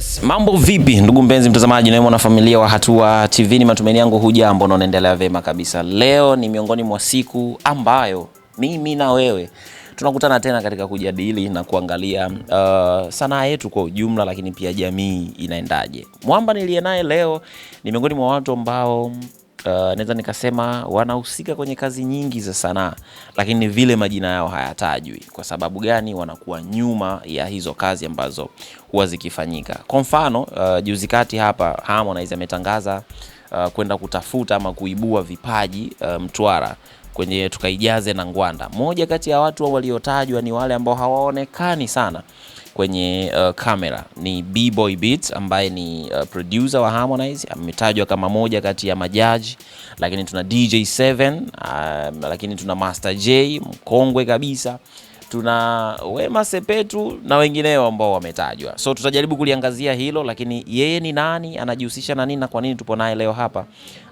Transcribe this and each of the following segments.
Yes, mambo vipi ndugu mpenzi mtazamaji na mwanafamilia wa Hatua TV, ni matumaini yangu hujambo na unaendelea vyema kabisa. Leo ni miongoni mwa siku ambayo mimi na wewe tunakutana tena katika kujadili na kuangalia uh, sanaa yetu kwa ujumla, lakini pia jamii inaendaje. Mwamba niliye naye leo ni miongoni mwa watu ambao uh, naweza nikasema wanahusika kwenye kazi nyingi za sanaa, lakini vile majina yao hayatajwi. Kwa sababu gani? Wanakuwa nyuma ya hizo kazi ambazo huwa zikifanyika. Kwa mfano uh, juzi kati hapa Harmonize ametangaza uh, kwenda kutafuta ama kuibua vipaji uh, Mtwara kwenye Tukaijaze na Ngwanda. Moja kati ya watu waliotajwa ni wale ambao hawaonekani sana kwenye kamera uh, ni B-Boy Beats ambaye ni uh, producer wa Harmonize, ametajwa kama moja kati ya majaji, lakini tuna DJ7 uh, um, lakini tuna Master J mkongwe kabisa tuna Wema Sepetu na wengineo ambao wametajwa, so tutajaribu kuliangazia hilo, lakini yeye ni nani, anajihusisha na nini na kwa nini tupo naye leo hapa?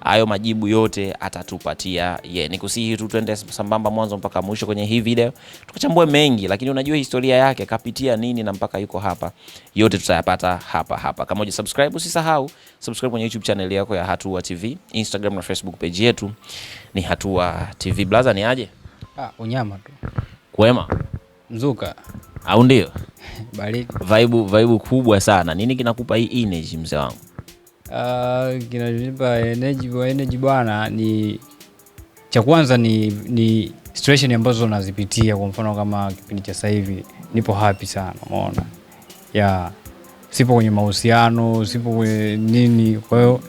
Hayo majibu yote atatupatia Ni kusihi tu tuende sambamba mwanzo mpaka mwisho kwenye hii video, tukachambue mengi, lakini unajua historia yake, kapitia nini na mpaka yuko hapa, yote tutayapata hapa hapa. Kama uja subscribe, usisahau subscribe kwenye YouTube channel yako ya Hatua TV, Instagram na Facebook page yetu ni Hatua TV. Blaza ni aje? Ah, unyama tu. Kwema. Mzuka au ndio? vaibu vaibu kubwa sana. Nini kinakupa hii energy mzee wangu? Uh, kinachonipa energy kwa energy bwana ni cha kwanza ni, ni situation ambazo nazipitia. Kwa mfano kama kipindi cha sasa hivi nipo happy sana, umeona yeah. Sipo kwenye mahusiano, sipo kwenye nini, kwa hiyo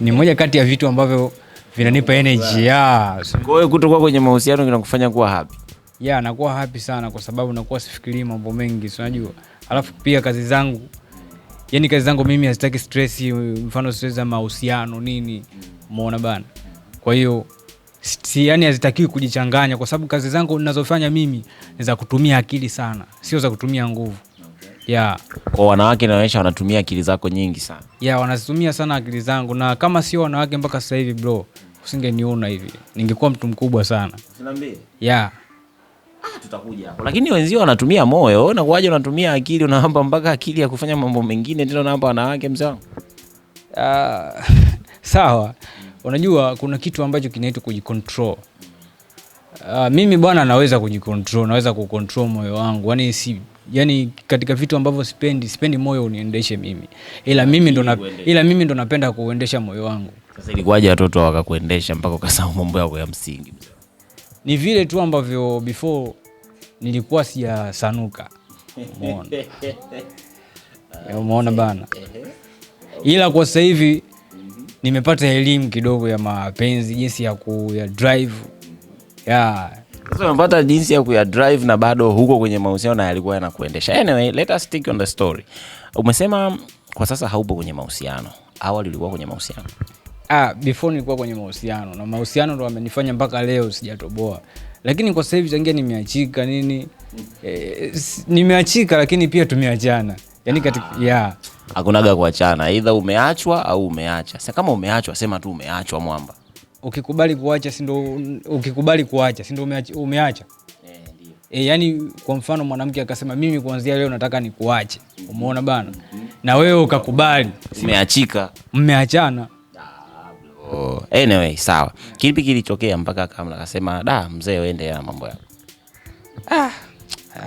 ni moja kati ya vitu ambavyo vinanipa energy yeah. Kwa hiyo kutokuwa kwenye mahusiano kinakufanya kuwa happy yeah, nakuwa hapi sana kwa sababu nakuwa sifikirii mambo mengi, si unajua. Alafu pia kazi zangu, yani kazi zangu mimi hazitaki stresi mfano stress za mahusiano nini, umeona bana. Kwa hiyo si, yani hazitakiwi kujichanganya, kwa sababu kazi zangu ninazofanya mimi ni za kutumia akili sana, sio za kutumia nguvu yeah. Kwa wanawake naonyesha wanatumia akili zako nyingi sana yeah, wanazitumia sana akili zangu, na kama sio wanawake mpaka sasa hivi bro, usingeniona hivi, ningekuwa mtu mkubwa sana yeah tutakuja hapo. Lakini wenzio wanatumia moyo, nakuaje? Unatumia akili, unaamba mpaka akili ya kufanya mambo mengine, tena unaamba wanawake, mzee wangu. Uh, sawa. Unajua kuna kitu ambacho kinaitwa kujicontrol. Uh, mimi bwana naweza kujicontrol, naweza kucontrol moyo wangu. yani si yani katika vitu ambavyo sipendi, sipendi moyo uniendeshe mimi. Ila ah, mimi ndo ila mimi ndo napenda kuuendesha moyo wangu. Sasa ilikuwaje watoto wakakuendesha mpaka ukasahau mambo yako ya msingi mzee? ni vile tu ambavyo before nilikuwa sijasanuka, umeona umeona bana, ila kwa sasa hivi nimepata elimu kidogo ya mapenzi, jinsi ya kuya drive yeah. umepata jinsi ya kuya drive na bado huko kwenye mahusiano na yalikuwa yanakuendesha. Anyway, let us stick on the story. Umesema kwa sasa haupo kwenye mahusiano, awali ulikuwa kwenye mahusiano ah, before nilikuwa kwenye mahusiano na mahusiano ndo amenifanya mpaka leo sijatoboa, lakini kwa sasa hivi tangia nimeachika nini e, nimeachika, lakini pia tumeachana yani katika ah. yeah. Hakunaga kuachana, aidha umeachwa au umeacha. Sasa kama umeachwa, sema tu umeachwa mwamba. Ukikubali kuacha si ndo, ukikubali kuacha si ndo umeacha, E, eh, eh, yani kwa mfano mwanamke akasema mimi kuanzia leo nataka nikuache, umeona bana, mhm. na wewe ukakubali, umeachika, mmeachana anyway, sawa. Kipi kilitokea mpaka Kamla kasema da, mzee uende na mambo yako? Ah,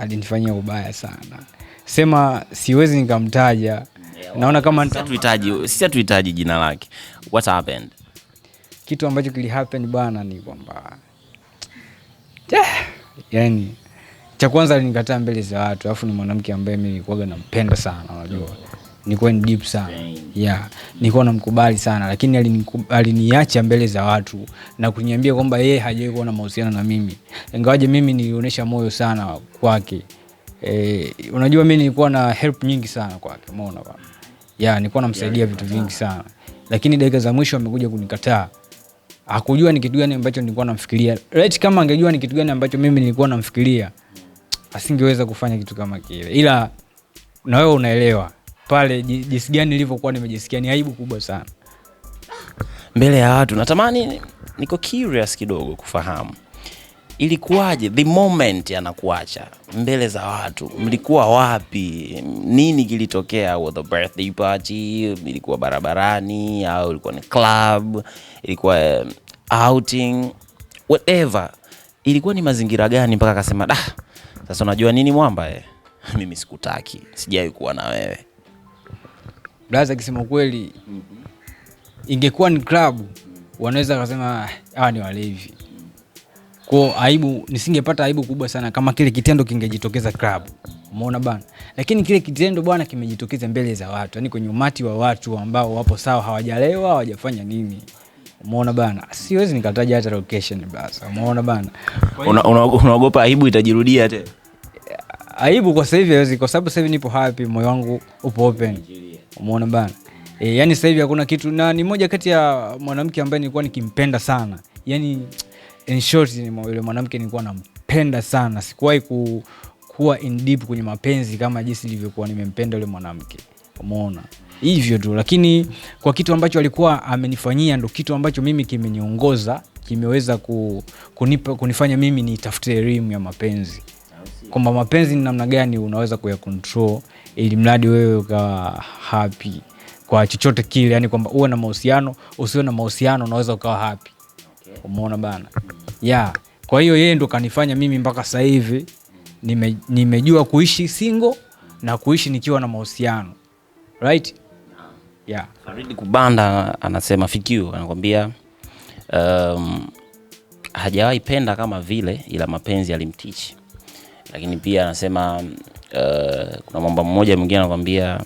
alinifanyia ubaya sana, sema siwezi nikamtaja. naona kama tuhitaji sisi tuhitaji jina lake. What happened? Kitu ambacho kili happen bana ni kwamba yani cha kwanza alinikataa mbele za watu, alafu ni mwanamke ambaye mimi nilikuwa nampenda sana, unajua nilikuwa ni deep sana yeah, nilikuwa namkubali sana lakini aliniacha mbele za watu na kuniambia kwamba ye hajawahi kuwa na mahusiano na mimi, ingawaje mimi nilionyesha moyo sana kwake. E, unajua mi nilikuwa na help nyingi sana kwake, mona ya yeah, nilikuwa namsaidia vitu vingi sana lakini dakika za mwisho amekuja kunikataa. Hakujua ni kitu gani ambacho nilikuwa namfikiria. Right, kama angejua ni kitu gani ambacho mimi nilikuwa namfikiria asingeweza kufanya kitu kama kile, ila na wewe unaelewa pale jinsi gani nilivyokuwa nimejisikia, ni aibu kubwa sana mbele ya watu. Natamani niko curious kidogo kufahamu ilikuwaje, the moment anakuacha mbele za watu, mlikuwa wapi? Nini kilitokea? the birthday party? Ilikuwa barabarani au ilikuwa ni club? Ilikuwa eh, outing? Whatever, ilikuwa ni mazingira gani mpaka akasema da, sasa unajua nini mwamba eh? mimi sikutaki, sijai kuwa na wewe blaza, akisema kweli ingekuwa ni klabu wanaweza wakasema hawa ah, ni walevi kwao, aibu nisingepata aibu kubwa sana kama kile kitendo kingejitokeza klabu, umeona bana, lakini kile kitendo bwana kimejitokeza mbele za watu, yani kwenye umati wa watu ambao wapo sawa, hawajalewa hawajafanya nini Umeona bana, siwezi nikataja hata location basi. Umeona bana, unaogopa aibu itajirudia tena? Aibu kwa sasa hivi kwa sababu sasa hivi nipo happy, moyo wangu upo open. Umeona bana? E, yani sasa hivi hakuna kitu, na ni moja kati ya mwanamke ambaye nilikuwa nikimpenda sana, yani in short, ni yule mwanamke nilikuwa nampenda sana. Sikuwahi ku, kuwa in deep kwenye mapenzi kama jinsi nilivyokuwa nimempenda yule mwanamke, umeona hivyo tu, lakini kwa kitu ambacho alikuwa amenifanyia ndo kitu ambacho mimi kimeniongoza, kimeweza ku, kunipa, kunifanya mimi nitafute elimu ya mapenzi kwamba mapenzi ni namna gani unaweza kuya control ili mradi wewe ukawa hapi kwa chochote kile, yani kwamba uwe na mahusiano usiwe na mahusiano unaweza ukawa Okay. Umeona bana? Yeah. Kwa hiyo yeye ndo kanifanya mimi mpaka sasa hivi nime, nimejua kuishi single na kuishi nikiwa na mahusiano right? Yeah. Faridi Kubanda anasema Fikyu anakwambia um, hajawahi penda kama vile, ila mapenzi alimtichi, lakini pia anasema Eh, kuna mwamba mmoja mwingine anakwambia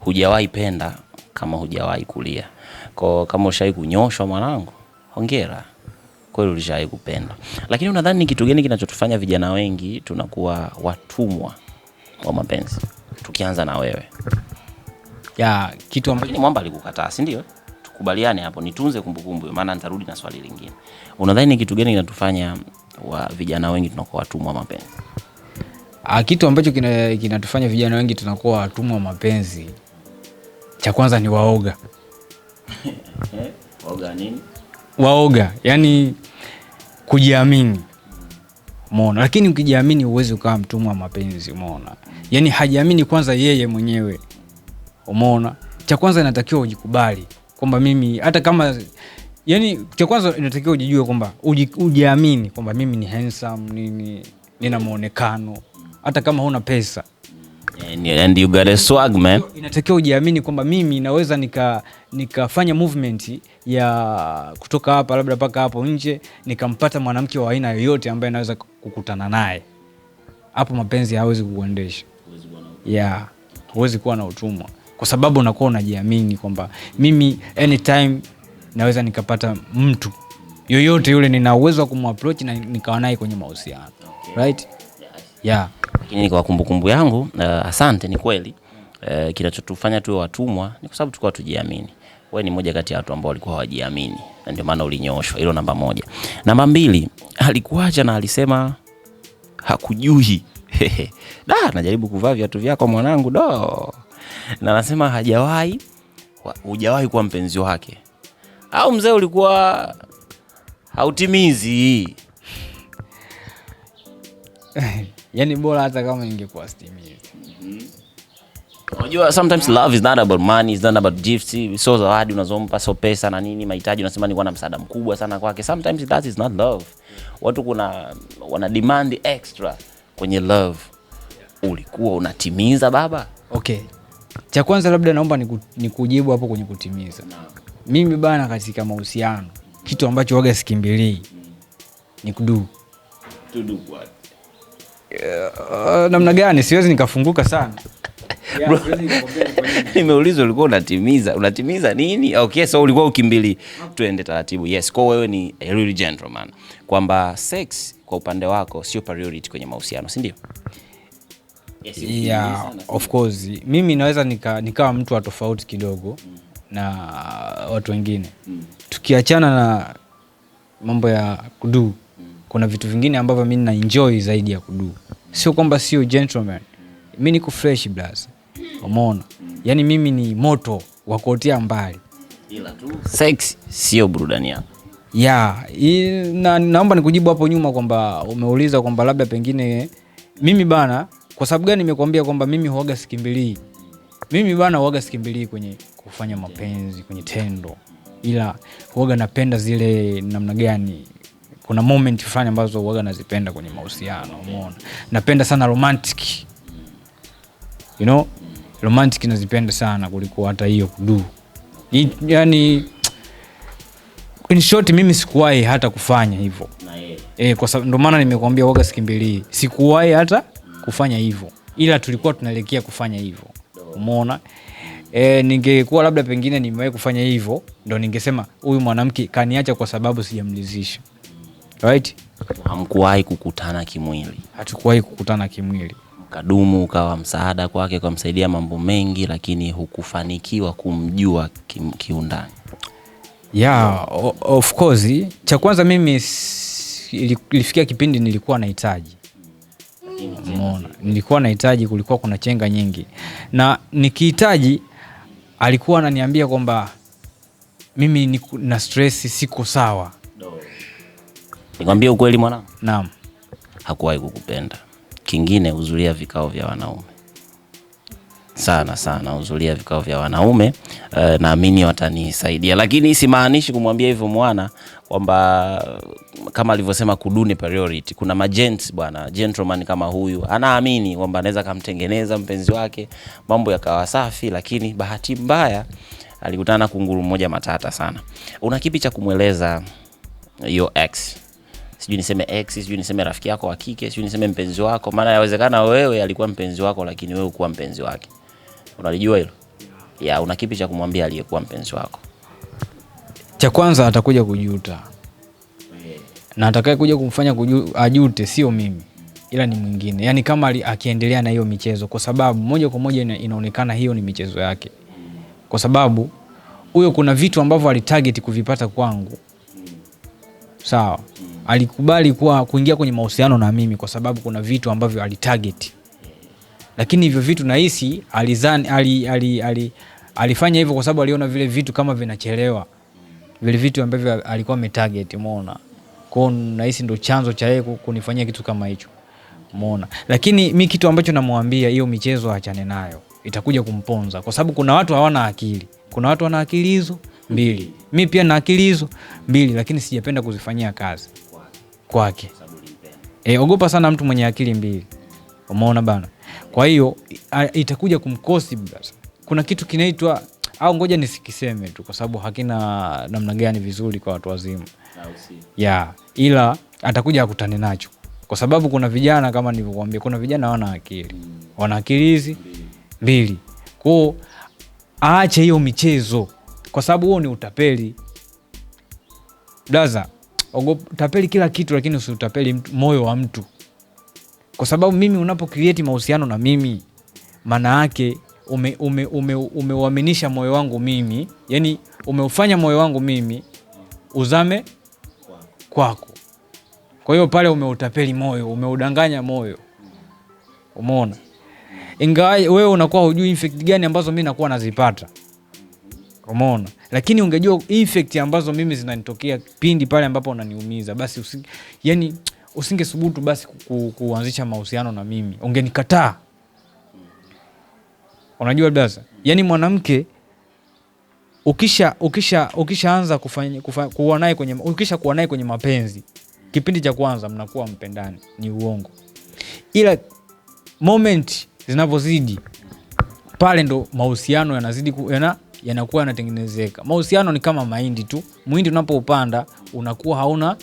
hujawahi penda kama hujawahi kulia. Kwa kama ushawahi kunyoshwa mwanangu, hongera, kweli ulishawahi kupenda. Lakini unadhani ni kitu gani kinachotufanya vijana wengi tunakuwa watumwa wa mapenzi? Tukianza na wewe ya kitu ambacho mwamba alikukataa, si ndio? Tukubaliane hapo, nitunze kumbukumbu, maana nitarudi na swali lingine. Unadhani ni kitu gani kinatufanya wa vijana wengi tunakuwa watumwa wa mapenzi? Ah, kitu ambacho kinatufanya kina vijana wengi tunakuwa watumwa mapenzi, cha kwanza ni waoga waoga nini? Waoga yani kujiamini, umeona. Lakini ukijiamini huwezi ukawa mtumwa mapenzi, umeona. Yani hajiamini kwanza yeye mwenyewe, umeona. Cha kwanza inatakiwa ujikubali kwamba mimi hata kama yani, cha kwanza inatakiwa ujijue kwamba ujiamini kwamba mimi ni handsome, nini, nina muonekano hata kama huna pesa. And you got a swag man. Inatakiwa ujiamini kwamba mimi naweza nika nikafanya movement ya kutoka hapa labda mpaka hapo nje nikampata mwanamke wa aina yoyote ambaye naweza kukutana naye. Hapo mapenzi hawezi kukuendesha. Yeah. Huwezi kuwa na utumwa kwa sababu unakuwa unajiamini kwamba mimi anytime naweza nikapata mtu yoyote yule, nina uwezo wa kumapproach na nikawa naye kwenye mahusiano. Right? Yeah. Lakini kwa kumbukumbu yangu uh, asante, ni kweli uh, kinachotufanya tuwe watumwa ni kwa sababu tulikuwa tujiamini. Wewe ni moja kati ya watu ambao walikuwa hawajiamini na ndio maana ulinyoshwa. Hilo namba moja. Namba mbili, alikuacha na alisema hakujui da, najaribu kuvaa viatu vyako mwanangu, do na anasema hajawahi, hujawahi kuwa mpenzi wake au mzee, ulikuwa hautimizi yani bora hata kama ningekuwa hivi. Mm-hmm. Unajua sometimes love is not about money, is not about gifts, So zawadi unazompa, so pesa na nini mahitaji, unasema nilikuwa na msaada mkubwa sana kwake. Sometimes that is not love. Watu kuna wana demand extra kwenye love. Ulikuwa unatimiza baba? Okay. Cha kwanza labda naomba nikujibu hapo kwenye kutimiza. Mimi bana, katika mahusiano kitu ambacho waga sikimbilii ni kudu. To do what? Eh, namna gani? Siwezi nikafunguka sana nimeulizwa ulikuwa unatimiza unatimiza nini? Okay, so ulikuwa ukimbili, tuende taratibu. Yes, kwa wewe ni a real gentleman, kwamba sex kwa upande wako sio priority kwenye mahusiano, si ndio? Yes, yeah, of course. Mimi naweza nikawa nika mtu wa tofauti kidogo mm. na watu wengine mm. tukiachana na mambo ya kudu kuna vitu vingine ambavyo mi na enjoy zaidi ya kudu. Sio kwamba sio gentleman, mi niko fresh blast, umeona? Yani mimi ni moto wa kuotea mbali, tu sex sio burudani yako ya na, naomba nikujibu hapo nyuma kwamba umeuliza kwamba labda pengine mimi bana, kwa sababu gani nimekuambia kwamba mimi huaga sikimbilii. Mimi bana huaga sikimbilii kwenye kufanya mapenzi kwenye tendo, ila huaga napenda zile namna gani kuna moment fulani ambazo huwaga nazipenda kwenye mahusiano, umeona. Napenda sana romantic. You know, romantic nazipenda sana kuliko hata hiyo kudu. yani, in short mimi sikuwahi hata kufanya hivyo. Eh, kwa sababu ndo maana nimekuambia waga sikimbili, Sikuwahi hata kufanya hivyo. Ila tulikuwa tunaelekea kufanya hivyo. Umeona? E, ningekuwa labda pengine nimewahi kufanya hivyo ndo ningesema huyu mwanamke kaniacha kwa sababu sijamlizisha right? Hamkuwahi kukutana kimwili? Hatukuwahi kukutana kimwili. Mkadumu ukawa msaada kwake, ukamsaidia mambo mengi, lakini hukufanikiwa kumjua kiundani. Yeah, of course. Cha kwanza mimi ilifikia kipindi nilikuwa nahitaji Mona, nilikuwa nahitaji, kulikuwa kuna chenga nyingi, na nikihitaji alikuwa ananiambia kwamba mimi na stress, siko sawa Nikwambie ukweli mwanangu. Naam. Hakuwahi kukupenda. Kingine huzulia vikao vya wanaume sana sana, huzulia vikao vya wanaume uh, naamini watanisaidia, lakini simaanishi kumwambia hivyo mwana kwamba kama alivyosema kuduni priority. Kuna majents bwana, gentleman kama huyu anaamini kwamba anaweza kamtengeneza mpenzi wake mambo yakawa safi, lakini bahati mbaya alikutana kunguru mmoja matata sana. Una kipi cha kumweleza your ex? sijui niseme ex, sijui niseme rafiki yako wa kike, sijui niseme mpenzi wako, maana yawezekana wewe alikuwa mpenzi wako, lakini wewe ukuwa mpenzi wake. Unalijua hilo? Ya, una kipi cha kumwambia aliyekuwa mpenzi wako? Cha kwanza atakuja kujuta, na atakaye kuja kumfanya kuju, ajute sio mimi ila ni mwingine, yaani kama akiendelea na hiyo michezo, kwa sababu moja kwa moja inaonekana hiyo ni michezo yake, kwa sababu huyo kuna vitu ambavyo alitarget kuvipata kwangu, sawa alikubali kuwa kuingia kwenye mahusiano na mimi kwa sababu kuna vitu ambavyo alitarget, lakini hivyo vitu nahisi alizani, ali, ali, ali, alifanya hivyo kwa sababu aliona vile vitu kama vinachelewa, vile vitu ambavyo alikuwa ametarget, umeona. kwao hiyo nahisi ndo chanzo cha yeye kunifanyia kitu kama hicho, umeona. Lakini mi kitu ambacho namwambia, hiyo michezo achane nayo, itakuja kumponza kwa sababu kuna watu hawana akili, kuna watu wana akili hizo mbili, mi pia na akili hizo mbili, lakini sijapenda kuzifanyia kazi kwake. E, ogopa sana mtu mwenye akili mbili. Umeona bana? Kwa hiyo itakuja kumkosi basi. Kuna kitu kinaitwa au ngoja nisikiseme tu kwa sababu hakina namna gani vizuri kwa watu wazima. Yeah, ila atakuja akutane nacho kwa sababu kuna vijana kama nilivyokuambia, kuna vijana wana akili mm. wana akili hizi mbili kwao, aache hiyo michezo, kwa sababu huo ni utapeli blaza. Ogopa, tapeli kila kitu, lakini usitapeli moyo wa mtu, kwa sababu mimi unapo unapokrieti mahusiano na mimi, maana yake umeuaminisha ume, ume, ume moyo wangu mimi, yani umeufanya moyo wangu mimi uzame kwako. Kwa hiyo pale umeutapeli moyo, umeudanganya moyo, umeona. Ingawa wewe unakuwa hujui infect gani ambazo mimi nakuwa nazipata, umeona lakini ungejua infect ambazo mimi zinanitokea pindi pale ambapo unaniumiza, basi usi, yani usingesubutu basi ku, ku, kuanzisha mahusiano na mimi, ungenikataa. Unajua dasa, yani mwanamke ukisha ukisha ukishaanza kufanya kuwa naye kwenye ukisha kuwa naye kwenye mapenzi, kipindi cha kwanza mnakuwa mpendani, ni uongo, ila moment zinapozidi pale ndo mahusiano yanazidi yana yanakuwa yanatengenezeka. Mahusiano ni kama mahindi tu, mwindi unapoupanda unakuwa hauna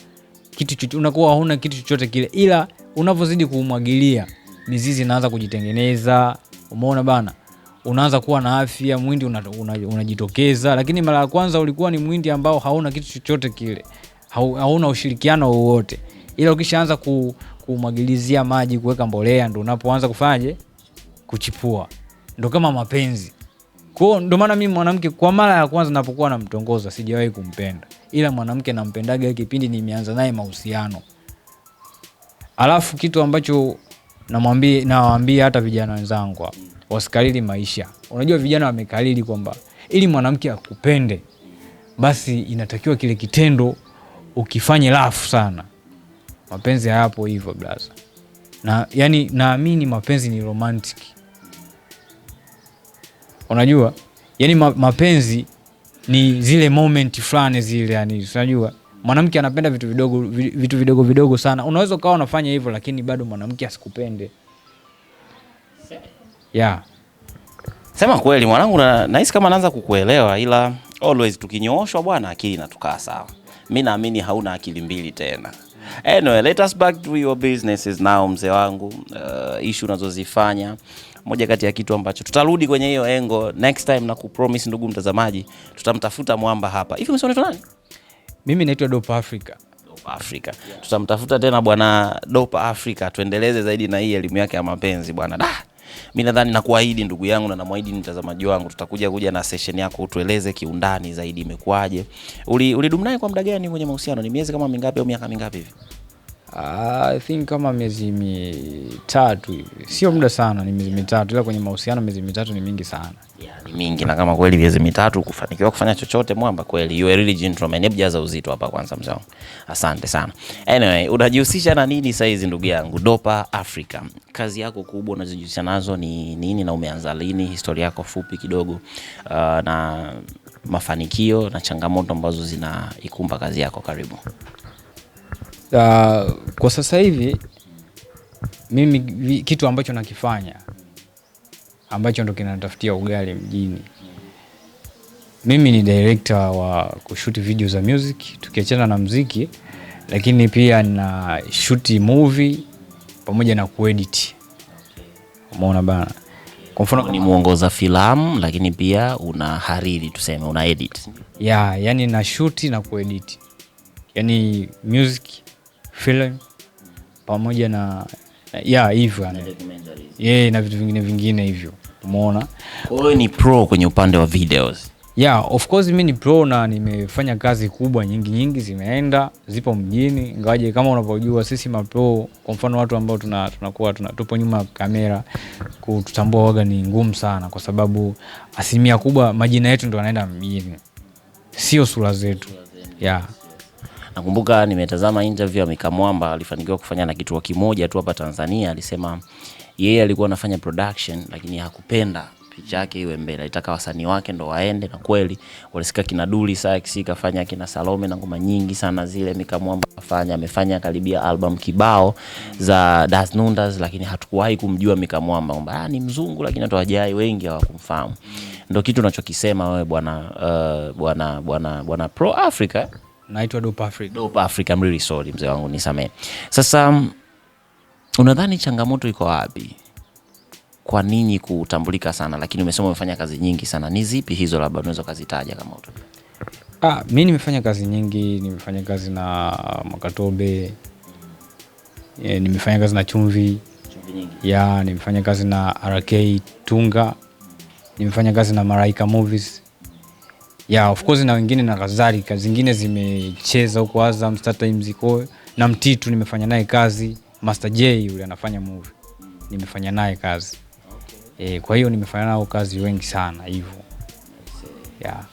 kitu chochote, unakuwa hauna kitu chochote kile, ila unavyozidi kuumwagilia mizizi inaanza kujitengeneza. Umeona bana, unaanza kuwa na afya, mwindi unajitokeza una, una, lakini mara ya kwanza ulikuwa ni mwindi ambao hauna kitu chochote kile, hauna ushirikiano wowote, ila ukishaanza ku, kumwagilizia maji, kuweka mbolea, ndo unapoanza kufanyaje kuchipua. Ndo kama mapenzi kwao. ndo maana mimi mwanamke kwa mara ya kwanza napokuwa namtongoza sijawahi kumpenda, ila mwanamke nampendaga kipindi nimeanza naye mahusiano. Alafu kitu ambacho namwambia nawaambia hata vijana wenzangu wasikalili maisha. Unajua vijana wamekalili kwamba ili mwanamke akupende basi inatakiwa kile kitendo ukifanye rafu sana. Mapenzi hayapo hivyo blaza, na yani naamini mapenzi ni romantiki unajua yani ma, mapenzi ni zile moment fulani zile, yani unajua mwanamke anapenda vitu vidogo, vitu vidogo vidogo sana. Unaweza ukawa unafanya hivyo, lakini bado mwanamke asikupende yeah. Sema kweli mwanangu, nahisi kama naanza kukuelewa, ila always tukinyooshwa bwana, akili natukaa sawa. Mi naamini hauna akili mbili tena. Anyway, let us back to your businesses now, mzee wangu. Uh, ishu unazozifanya moja kati ya kitu ambacho tutarudi kwenye hiyo engo next time, na kupromise ndugu mtazamaji, tutamtafuta mwamba hapa hivi. Unaitwa nani? Mimi naitwa Dopa Africa. Dopa Africa, yeah. Tutamtafuta tena bwana Dopa Africa tuendeleze zaidi na hii elimu yake ya mapenzi bwana da mi nadhani nakuahidi ndugu yangu na namwahidi mtazamaji wangu, tutakuja kuja na session yako utueleze kiundani zaidi imekuwaje, ulidumu uli naye kwa muda gani kwenye mahusiano, ni miezi kama mingapi au miaka mingapi hivi? Ah, I think kama miezi mitatu hivi, sio muda sana, ni miezi mitatu, ila kwenye mahusiano miezi mitatu ni mingi sana, yeah, ni mingi. Na kama kweli miezi mitatu kufanikiwa kufanya chochote, mwamba kweli, you are really gentleman. Hebu jaza uzito hapa kwanza, mzee asante sana. Anyway, unajihusisha na nini saizi, ndugu yangu? Dopa Africa, kazi yako kubwa unazojihusisha nazo ni nini, na umeanza lini? Historia yako fupi kidogo, uh, na mafanikio na changamoto ambazo zinaikumba kazi yako. Karibu. Uh, kwa sasa hivi mimi kitu ambacho nakifanya ambacho ndo kinatafutia ugali mjini, mimi ni direkta wa kushuti video za music, tukiachana na mziki, lakini pia na shuti movie pamoja na kuedit. Umeona bana, kwa mfano ni muongoza filamu, lakini pia una hariri, tuseme una edit. Yeah, yani na shuti na kuedit, yani music film pamoja na ya hivyo yeah, na vitu vingine vingine hivyo umeona. Kwa ni pro kwenye upande wa videos. Yeah, of course mimi ni pro na nimefanya kazi kubwa nyingi nyingi zimeenda zipo mjini, ngawaje kama unavyojua sisi mapro, kwa mfano watu ambao tuna, tunakuwa tuna, tupo nyuma ya kamera, kututambua waga ni ngumu sana, kwa sababu asilimia kubwa majina yetu ndo yanaenda mjini, sio sura zetu yeah. Nakumbuka nimetazama interview ya Mika Mwamba, alifanikiwa kufanya na kituo kimoja tu hapa Tanzania. Alisema yeye alikuwa anafanya production lakini hakupenda picha yake iwe mbele, alitaka wasanii wake ndo waende, na kweli walisika kina Duli Sax kafanya, kina Salome na ngoma nyingi sana zile Mika Mwamba kafanya. Amefanya karibia album kibao za Das Nundas, lakini hatukuwahi kumjua Mika Mwamba kwamba ah, ni mzungu, lakini watu wajai wengi hawakumfahamu. Ndo kitu unachokisema wewe bwana, uh, bwana bwana bwana Pro Africa eh? Naitwa Dope Africa. Dope Africa, I'm really sorry mzee wangu nisamee. Sasa mm, unadhani changamoto iko wapi kwa ninyi kutambulika sana, lakini umesema umefanya kazi nyingi sana, ni zipi hizo, labda unaweza ukazitaja kama utu? Ah, mi nimefanya kazi nyingi, nimefanya kazi na Mwakatobe, eh, nimefanya kazi na Chumvi, Chumvi nyingi. Ya, nimefanya kazi na RK Tunga, nimefanya kazi na Maraika Movies yeah, of course na wengine na kadhalika, zingine zimecheza huko Azam, StarTimes iko oh, na Mtitu, nimefanya naye kazi. Master J yule anafanya movie, nimefanya naye kazi okay. E, kwa hiyo nimefanya nao kazi wengi sana hivyo yeah.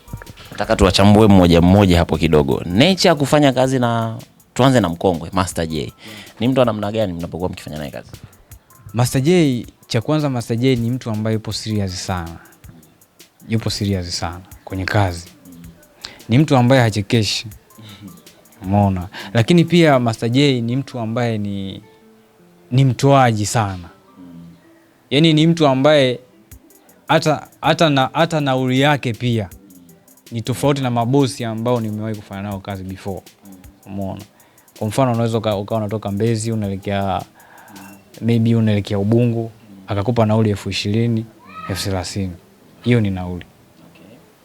Nataka tuwachambue mmoja mmoja hapo kidogo, nature ya kufanya kazi na tuanze na mkongwe Master J. Ni mtu wa namna gani mnapokuwa mkifanya naye kazi? Master J, cha kwanza Master J ni mtu ambaye yupo serious sana, yupo serious sana kwenye kazi, ni mtu ambaye hachekeshi umeona. Lakini pia Master J ni mtu ambaye ni, ni mtoaji sana, yaani ni mtu ambaye hata hata na hata nauli yake pia ni tofauti na mabosi ambao nimewahi kufanya nao kazi before, umeona. Kwa mfano unaweza ukawa unatoka Mbezi unaelekea maybe unaelekea Ubungo akakupa nauli elfu ishirini elfu thelathini hiyo ni nauli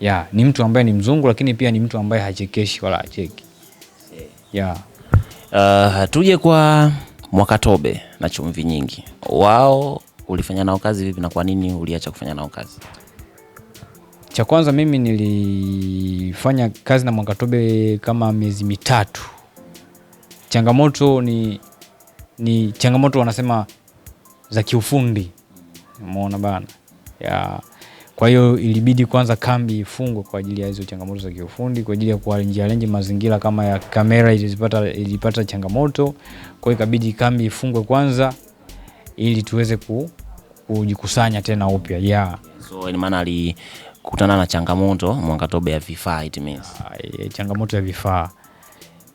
yeah, ni mtu ambaye ni mzungu lakini pia ni mtu ambaye hachekeshi wala hacheki yeah. Uh, tuje kwa Mwakatobe na Chumvi Nyingi, wao ulifanya nao kazi vipi na kwa nini uliacha kufanya nao kazi? Cha kwanza mimi nilifanya kazi na Mwakatobe kama miezi mitatu. Changamoto ni, ni changamoto wanasema za kiufundi, umeona bana ya kwa hiyo ilibidi kwanza kambi ifungwe kwa ajili ya hizo changamoto za kiufundi, kwa ajili ya kuarenjiarenji mazingira kama ya kamera ilipata, ilipata changamoto. Kwa hiyo ikabidi kambi ifungwe kwanza ili tuweze ku, kujikusanya tena upya yeah. So ina maana alikutana na changamoto mwangatobe ya vifaa it means. changamoto ya vifaa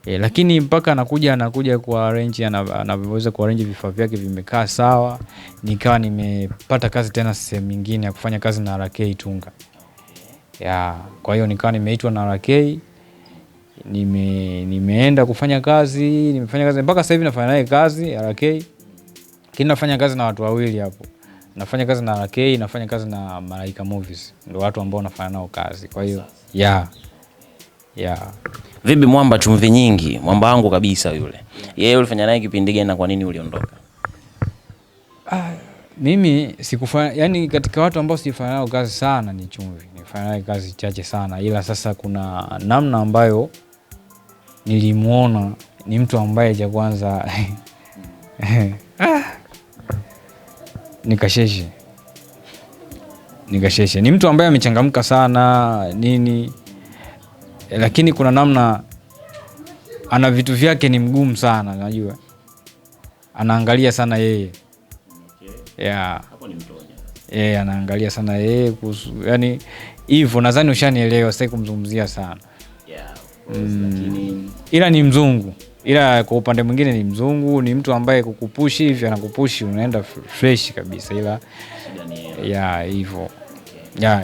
E, lakini mpaka anakuja anakuja kwa range anavyoweza kwa range vifaa vyake vimekaa sawa, nikawa nimepata kazi tena sehemu nyingine ya kufanya kazi na RK Tunga. Ya, kwa hiyo nikawa nimeitwa na RK nime, nimeenda kufanya kazi, nimefanya kazi mpaka sasa hivi nafanya naye kazi RK. Lakini nafanya kazi na watu wawili hapo. Nafanya kazi na RK, nafanya kazi na Malaika Movies. Ndio watu ambao nafanya nao kazi. Kwa hiyo, yeah. Yeah. Vipi mwamba chumvi nyingi, mwamba wangu kabisa yule. Yeye ulifanya naye kipindi gani na kwa nini uliondoka? Ah, mimi sikufanya yani, katika watu ambao sifanya nao kazi sana ni Chumvi, nifanya naye kazi chache sana, ila sasa kuna namna ambayo nilimwona ni mtu ambaye cha kwanza ah, nikasheshe nikasheshe, ni mtu ambaye amechangamka sana nini lakini kuna namna ana vitu vyake ni mgumu sana, najua anaangalia sana yeye okay. yeah. yeah, anaangalia sana yeye kuhusu yani hivyo, nadhani ushanielewa, sitaki kumzungumzia sana yeah, mm. lakini... ila ni mzungu, ila kwa upande mwingine ni mzungu, ni mtu ambaye kukupushi hivi anakupushi, unaenda fresh kabisa, ila ya hivyo okay. yeah.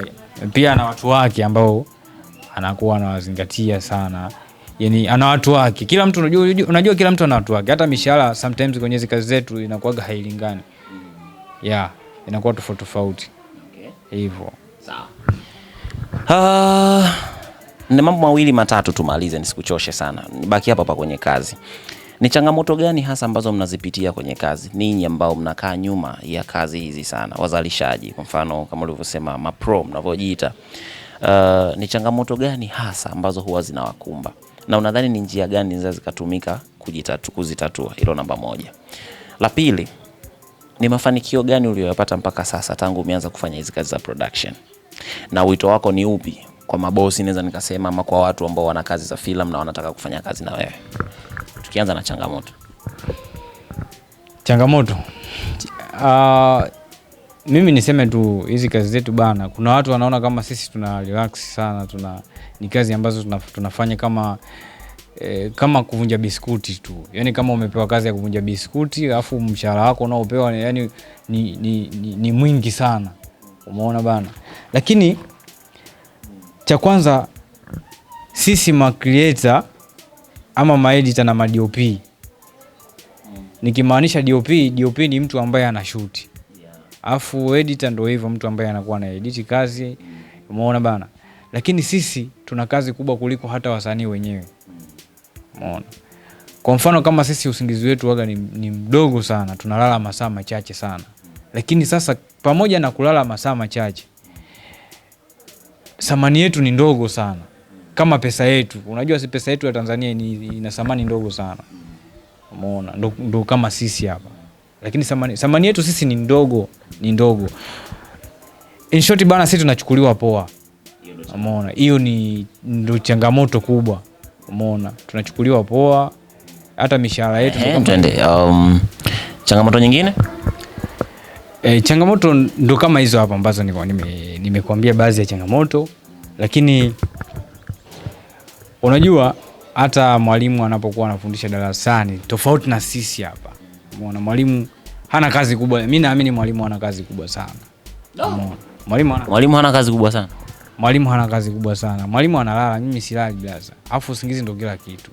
pia na watu wake ambao anakuwa anawazingatia sana yani ana watu wake. Kila mtu unajua, unajua kila mtu ana watu wake. Hata mishahara sometimes kwenye kazi zetu inakuwaga hailingani, mm-hmm. yeah, inakuwa tofauti tofauti hivyo. Sawa. Ah, mambo mawili matatu tumalize, nisikuchoshe sana, nibaki hapa hapa kwenye kazi. Ni changamoto gani hasa ambazo mnazipitia kwenye kazi ninyi ambao mnakaa nyuma ya kazi hizi sana, wazalishaji, kwa mfano kama ulivyosema mapro mnavyojiita uh, ni changamoto gani hasa ambazo huwa zinawakumba na unadhani ni njia gani zinaweza zikatumika kuzitatua? Hilo namba moja. La pili ni mafanikio gani uliyoyapata mpaka sasa tangu umeanza kufanya hizi kazi za production, na wito wako ni upi kwa mabosi, naweza nikasema, ama kwa watu ambao wana kazi za filamu na wanataka kufanya kazi na wewe? Tukianza na changamoto, changamoto uh mimi niseme tu hizi kazi zetu bana, kuna watu wanaona kama sisi tuna relax sana, tuna ni kazi ambazo tunafanya kama eh, kama kuvunja biskuti tu, yani kama umepewa kazi ya kuvunja biskuti alafu mshahara wako unaopewa yani ni, ni, ni, ni mwingi sana, umeona bana. Lakini cha kwanza sisi ma creator ama maedita na ma DOP, nikimaanisha DOP, DOP ni mtu ambaye anashuti Afu editor ndio hivyo mtu ambaye anakuwa na edit kazi. Umeona bana? Lakini sisi tuna kazi kubwa kuliko hata wasanii wenyewe. Umeona? Kwa mfano kama sisi usingizi wetu waga ni, ni mdogo sana, tunalala masaa machache sana. Lakini sasa pamoja na kulala masaa machache, thamani yetu ni ndogo sana kama pesa yetu. Unajua si pesa yetu ya Tanzania ina thamani ndogo sana. Umeona? Ndo, ndo kama sisi hapa lakini samani, samani yetu sisi ni ndogo, ni ndogo. In short bana, sisi tunachukuliwa poa, umeona? Hiyo ni ndo changamoto kubwa, umeona? Tunachukuliwa poa, hata mishahara yetu twende. Um, changamoto nyingine E, changamoto ndo kama hizo hapa ambazo nimekuambia nime baadhi ya changamoto, lakini unajua hata mwalimu anapokuwa anafundisha darasani tofauti na sisi hapa Umeona mwalimu hana kazi kubwa. Mimi naamini mwalimu hana kazi kubwa sana. Oh. No. Mwalimu hana mwalimu hana kazi kubwa sana. Mwalimu hana kazi kubwa sana. Mwalimu analala, mimi silali blaza. Alafu usingizi ndio kila kitu.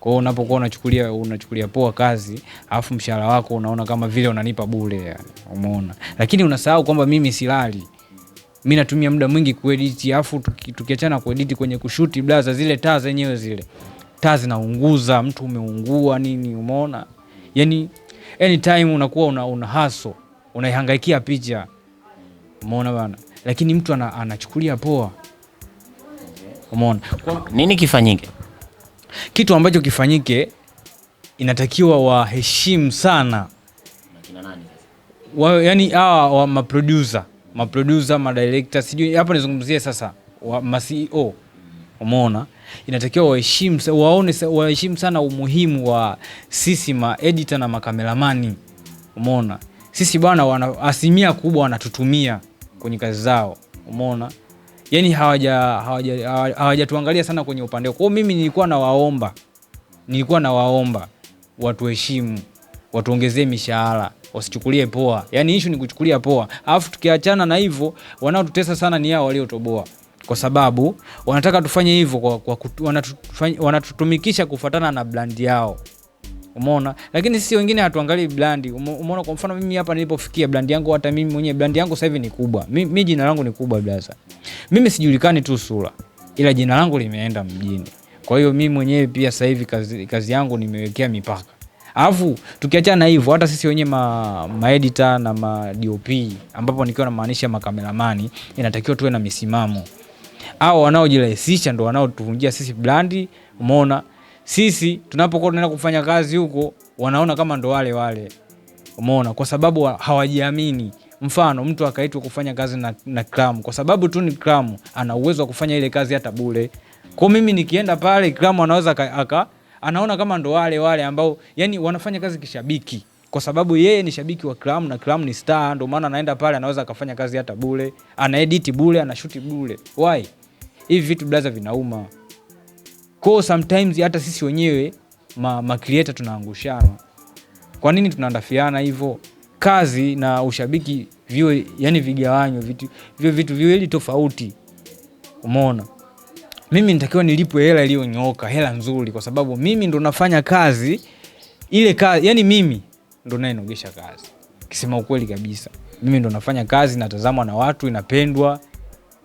Kwa hiyo unapokuwa unachukulia unachukulia poa kazi, alafu mshahara wako unaona kama vile unanipa bure yani. Umeona? Lakini unasahau kwamba mimi silali. Mimi natumia muda mwingi kuedit, alafu tukiachana kuedit kwenye kushuti blaza, zile taa zenyewe zile. Taa zinaunguza, mtu umeungua nini, umeona? Yaani anytime unakuwa una, una haso unaihangaikia picha, umeona bana, lakini mtu anachukulia poa. Umeona nini kifanyike? Kitu ambacho kifanyike, inatakiwa waheshimu sana wa, yani hawa wa maproducer maproducer madirector, sijui hapa nizungumzie sasa wa ma CEO, umeona inatakiwa waheshimu, waone, waheshimu sana umuhimu wa sisi maedita na makameramani. Umeona, sisi bwana, wana asilimia kubwa wanatutumia kwenye kazi zao. Umeona, yani hawajatuangalia sana kwenye upande. kwao mimi nilikuwa nawaomba nilikuwa nawaomba watuheshimu, watuongezee mishahara, wasichukulie poa. Yani ishu ni kuchukulia poa, alafu tukiachana na hivyo, wanaotutesa sana ni hao waliotoboa kwa sababu wanataka tufanye hivyo kwa, kwa wanatutumikisha kufuatana na brand yao. umona lakini sisi wengine hatuangalii blandi umona kwa mfano mimi hapa nilipofikia blandi yangu, hata mimi mwenyewe blandi yangu sasa hivi ni kubwa. Mimi jina langu ni kubwa blaza, mimi sijulikani tu sura, ila jina langu limeenda mjini. Kwa hiyo mimi mwenyewe pia sasa hivi kazi, kazi yangu nimewekea mipaka. Alafu tukiachana na hivyo, hata sisi wenyewe ma, na madop, ambapo nikiwa namaanisha makameramani, inatakiwa tuwe na misimamo au wanaojirahisisha ndo wanaotuvunjia sisi brandi. Umeona, sisi tunapokuwa tunaenda kufanya kazi huko wanaona kama ndo wale wale, umeona, kwa sababu hawajiamini. Mfano, mtu akaitwa kufanya kazi na, na kramu kwa sababu tu ni kramu, ana uwezo wa kufanya ile kazi hata bure. Kwa mimi nikienda pale kramu, anaweza aka anaona kama ndo wale wale ambao yani wanafanya kazi kishabiki, kwa sababu yeye ni shabiki wa Clam na Clam ni star, ndio maana anaenda pale, anaweza akafanya kazi hata bure, anaedit bure, anashuti bure. Why? hivi vitu blaza vinauma. ko sometimes hata sisi wenyewe ma, ma creator tunaangushana. Kwa nini tunaandafiana hivyo? Kazi na ushabiki viwe yani vigawanywe vitu vio vitu viwili tofauti. Umeona? Mimi nitakiwa nilipwe hela iliyonyoka hela nzuri kwa sababu mimi ndo nafanya kazi ile kazi, yani mimi ndo naenogesha kazi. Kisema ukweli kabisa. Mimi ndo nafanya kazi natazamwa na watu, inapendwa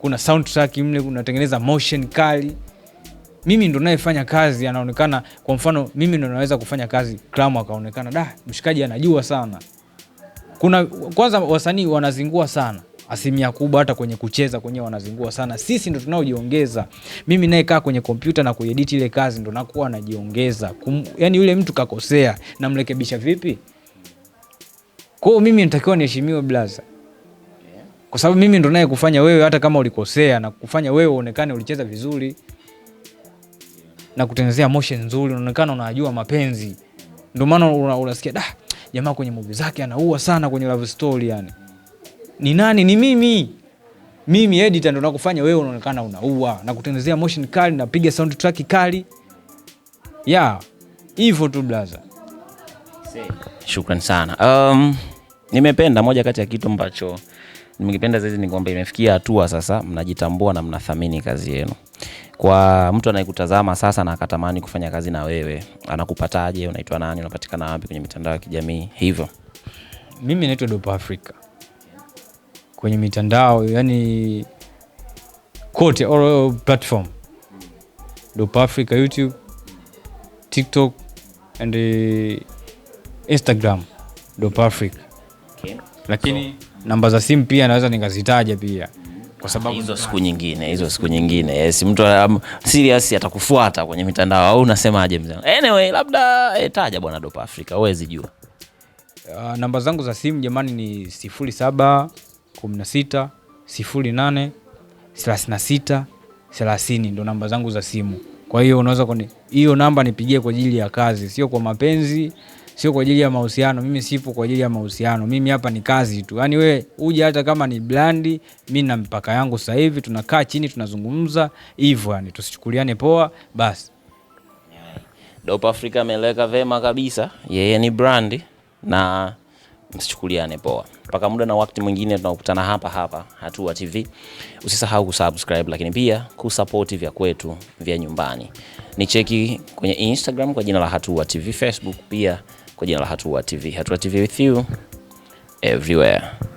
kuna soundtrack mle, unatengeneza motion kali. Mimi ndo nayefanya kazi anaonekana, kwa mfano mimi ndo naweza kufanya kazi, Clam akaonekana da, mshikaji anajua sana. Kuna kwanza wasanii wanazingua sana asilimia kubwa, hata kwenye kucheza kwenyewe wanazingua sana. Sisi ndo tunaojiongeza. Mimi nayekaa kwenye kompyuta na kuediti ile kazi ndo nakuwa najiongeza. Yani yule mtu kakosea, namrekebisha vipi? kwao mimi ntakiwa niheshimiwe blaza kwa sababu mimi ndo naye kufanya wewe hata kama ulikosea na kufanya wewe uonekane ulicheza vizuri na kutengenezea motion nzuri, unaonekana unajua mapenzi. Ndo maana unasikia da, jamaa kwenye movie zake anaua sana kwenye love story. Yani ni nani? Ni mimi. Mimi editor ndo nakufanya wewe unaonekana unaua na kutengenezea motion kali, napiga soundtrack kali ya yeah. Hivyo tu blaza, shukran sana. Um, nimependa moja kati ya kitu ambacho ningependa zaidi ni kwamba imefikia hatua sasa mnajitambua na mnathamini kazi yenu. Kwa mtu anayekutazama sasa na akatamani kufanya kazi na wewe, anakupataje? Unaitwa nani? Unapatikana wapi kwenye mitandao ya kijamii? Hivyo mimi naitwa Dopa Africa kwenye mitandao, yani kote all platform, Dopa Africa, YouTube, TikTok and eh, Instagram, Dopa Africa. Okay. Lakini so, namba za simu pia naweza nikazitaja pia kwa sababu hizo siku nyingine, hizo siku nyingine yes, eh, mtu um, serious atakufuata kwenye mitandao au unasemaje mzee? Anyway, labda eh, taja bwana Dopa afrika huwezi jua. Uh, namba zangu za simu jamani ni 07 16 08 36 thelathini ndo namba zangu za simu. Kwa hiyo unaweza hiyo namba nipigie kwa ajili ya kazi, sio kwa mapenzi sio kwa ajili ya mahusiano. Mimi sipo kwa ajili ya mahusiano, mimi hapa ni kazi tu. Yani wewe uje hata kama ni blandi, mi na mpaka yangu sasa hivi tunakaa chini tunazungumza hivyo, yani tusichukuliane poa basi. Dope Africa ameleka vema kabisa, yeye ni brandi na msichukuliane poa. Mpaka muda na wakati mwingine tunakutana hapa hapa Hatua TV. Usisahau kusubscribe, lakini pia kusupport vya kwetu vya nyumbani. Ni cheki kwenye Instagram kwa jina la Hatua TV, Facebook pia kwa jina la Hatua TV. Hatua TV with you everywhere.